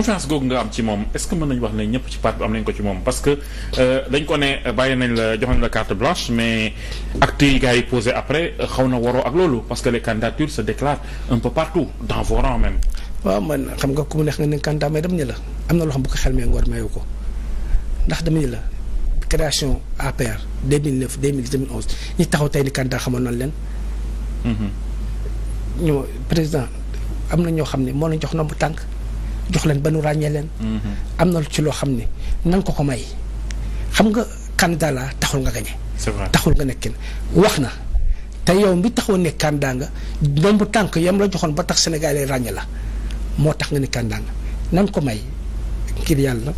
confiance googu nga am ci moom est-ce que mën nañu wax ne ñëpp ci parti bi am nañ ko ci moom parce que euh, dañ ko ne euh, bàyyi nañ la jox la carte blanche mais actes yi gars yi posé après euh, xaw na waroo ak loolu parce que les candidatures se déclarent un peu partout dans vos rangs waaw man xam nga ku mu neex nga ne candidat mais dama ne la am na loo xam bu ko xel mee war mayu ko ndax dama ne la création APR 2009 2010 2011 ñi taxaw tey ni candidat xamoon nañ leen. Mm-hmm. ñoo am na ñoo xam ne moo la jox nombre tànk. jox leen ba nu ràññee leen. Mm-hmm. am na ci loo xam ne nan ko ko may xam nga candidat la taxul nga gañe taxul nga nekkin wax na te yow mi taxoo ne candidat nga ndomb tànk yam la ba tax sénégalais ràññe la moo tax nga ne candidat nga nan ko may ngir yàlla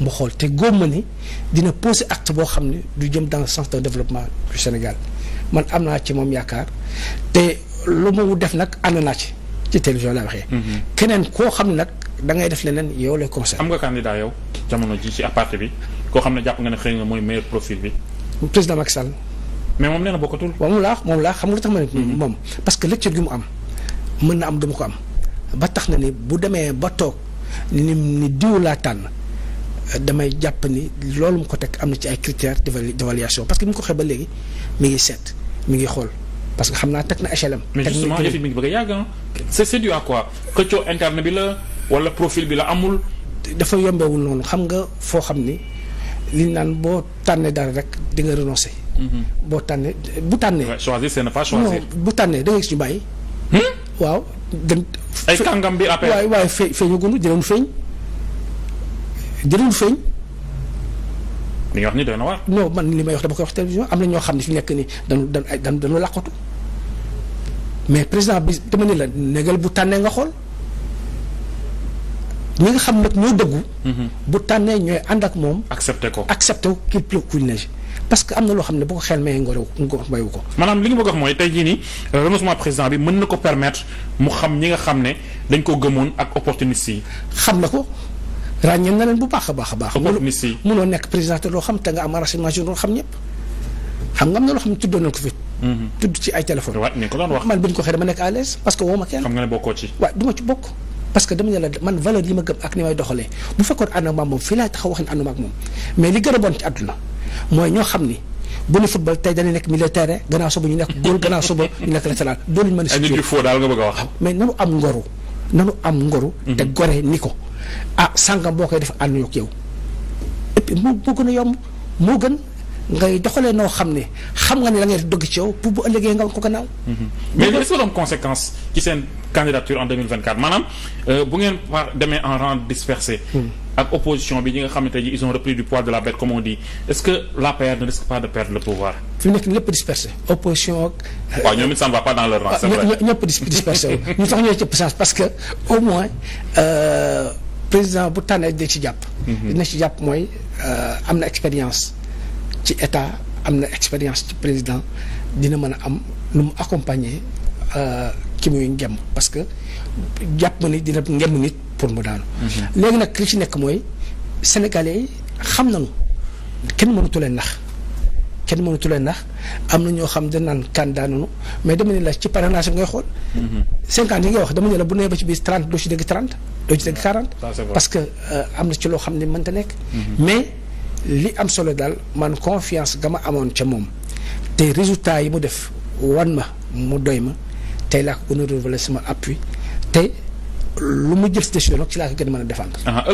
mu xool te góob ma ni dina poser acte boo xam ne du jëm dans le sens de développement du Sénégal man am naa ci moom yaakaar te lu mu def nag ànd naa ci ci télévision laa waxee. Mm-hmm. keneen koo xam ne nag. da ngay def leneen yow lay conseil am nga candidat yow jamono ji ci aparté bi koo xam ne jàpp nga ne xëy na mooy meilleur profil bi. président Macky Sall. mais moom nee na bokkatul. waaw moom laa moom laa xam nga lu tax mhm. moom parce que lecture gi mu am mën na am dama ko am ba tax na ni bu demee ba toog ni ni diw laa tànn. damay jàpp ni loolu mu ko teg am na ci ay critères d'évaluation parce que mu ko xee ba léegi mi ngi seet mi ngi xool parce que xam naa teg na HLM. na mais justement mi ngi bëgg a yàgg ah. c'est bi la. wala profil bi la amul. dafa yombewul noonu xam nga foo xam ni li naan boo tànnee dara rek di nga renoncé. Mhm. boo tànnee bu tànnee. choisir c'est ne bu tànnee da ngay gis ñu bàyyi. Hmm? waaw dañ. ay kàngam bi appel waay waay fee feeñagunu feeñ. jëloon feeñ. li nga wax ni doy na waar. non man li may wax dama koy wax télévision am na ñoo xam ne fi nekk nii dañu dañu dañu làqatu mais président bi ma ne la négal bu tànnee nga xool. ñi nga xam nag ñoo dëggu. Mhm. bu tànnee ñooy ànd ak moom. accepté ko accepté ko qu'il pleuve ou qu'il neige parce que am na loo xam ne bu ko xel mayee ngóor mayu ko. maanaam li nga bëgg a wax mooy tey jii nii euh, renoncement président bi mën na xam nga xam ne dañ ko gëmoon ak opportuniste yi. xam na ko ràññeen na leen bu baax a baax a baax. opportuniste yi munoo nekk président te loo xam te nga am renseignement yu doon xam ñëpp xam nga am na loo xam ne tuddoon nañ ko fi. Mhm. tudd ci ay téléphone. man bi ko xëy dama nekk à parce que woo ma kenn. xam nga ne bokkoo ci. waaw du ci bokk parce que dama ne la man valeur yi ma gëm ak ni may doxalee bu fekkoon ànd moom fii laay taxaw wax ne moom mais li gën a ci àdduna mooy ñoo xam ni bu ñu football tey dañuy nekk milieu terrain gannaaw suba ñu nekk góol gannaaw suba ñu nekk latéral doo leen mën a. nit yu mais nanu am ngoru nanu am ngoru. Mhm. te gore ni ko ah sàngam boo koy def ànd ak yow et puis moo gën a yomb moo gën. ngay doxalee noo xam ne xam nga ne la ngay dogg ci yow pour bu ëllëgee nga ko gannaaw. Mhm. mais est ce que doon conséquence ci seen candidature en 2024 maanaam euh, bu ngeen par demee en rang dispersé. Hmm. ak opposition bi ñi nga xamante ne ils ont repris du poids de la bête comme on dit est ce que l'APR ne risque pas de perdre le pouvoir. fi mu euh, que au moins euh, président bu tànnee dina ci jàpp. Mhm. dina ci jàpp mooy am na expérience. ci état am na expérience ci président dina mën a am lu mu accompagner euh, ki muy ngem parce que jàpp ma ni dina ngem nit pour mu daanu. Mhm. léegi nag li ci nekk mooy sénégalais yi xam nañu kenn mënatu leen nax kenn mënatu leen nax am na ñoo xam dañ naan kan daananu mais dama ne la ci parrainage bi ngay xool. 50 mhm. yi nga wax dama ne la bu nee ci biir 30 doo ci dégg 30 doo ci dégg 40. parce que euh, am na ci loo xam ne mënta nekk. Mhm. li am solo daal man confiance ga ma amoon ca moom te résultat yi mu def wan ma mu doy ma tey laa ko gën a renouveler sama appui te lu mu jël si ci laa ko gën mën a défendre ah,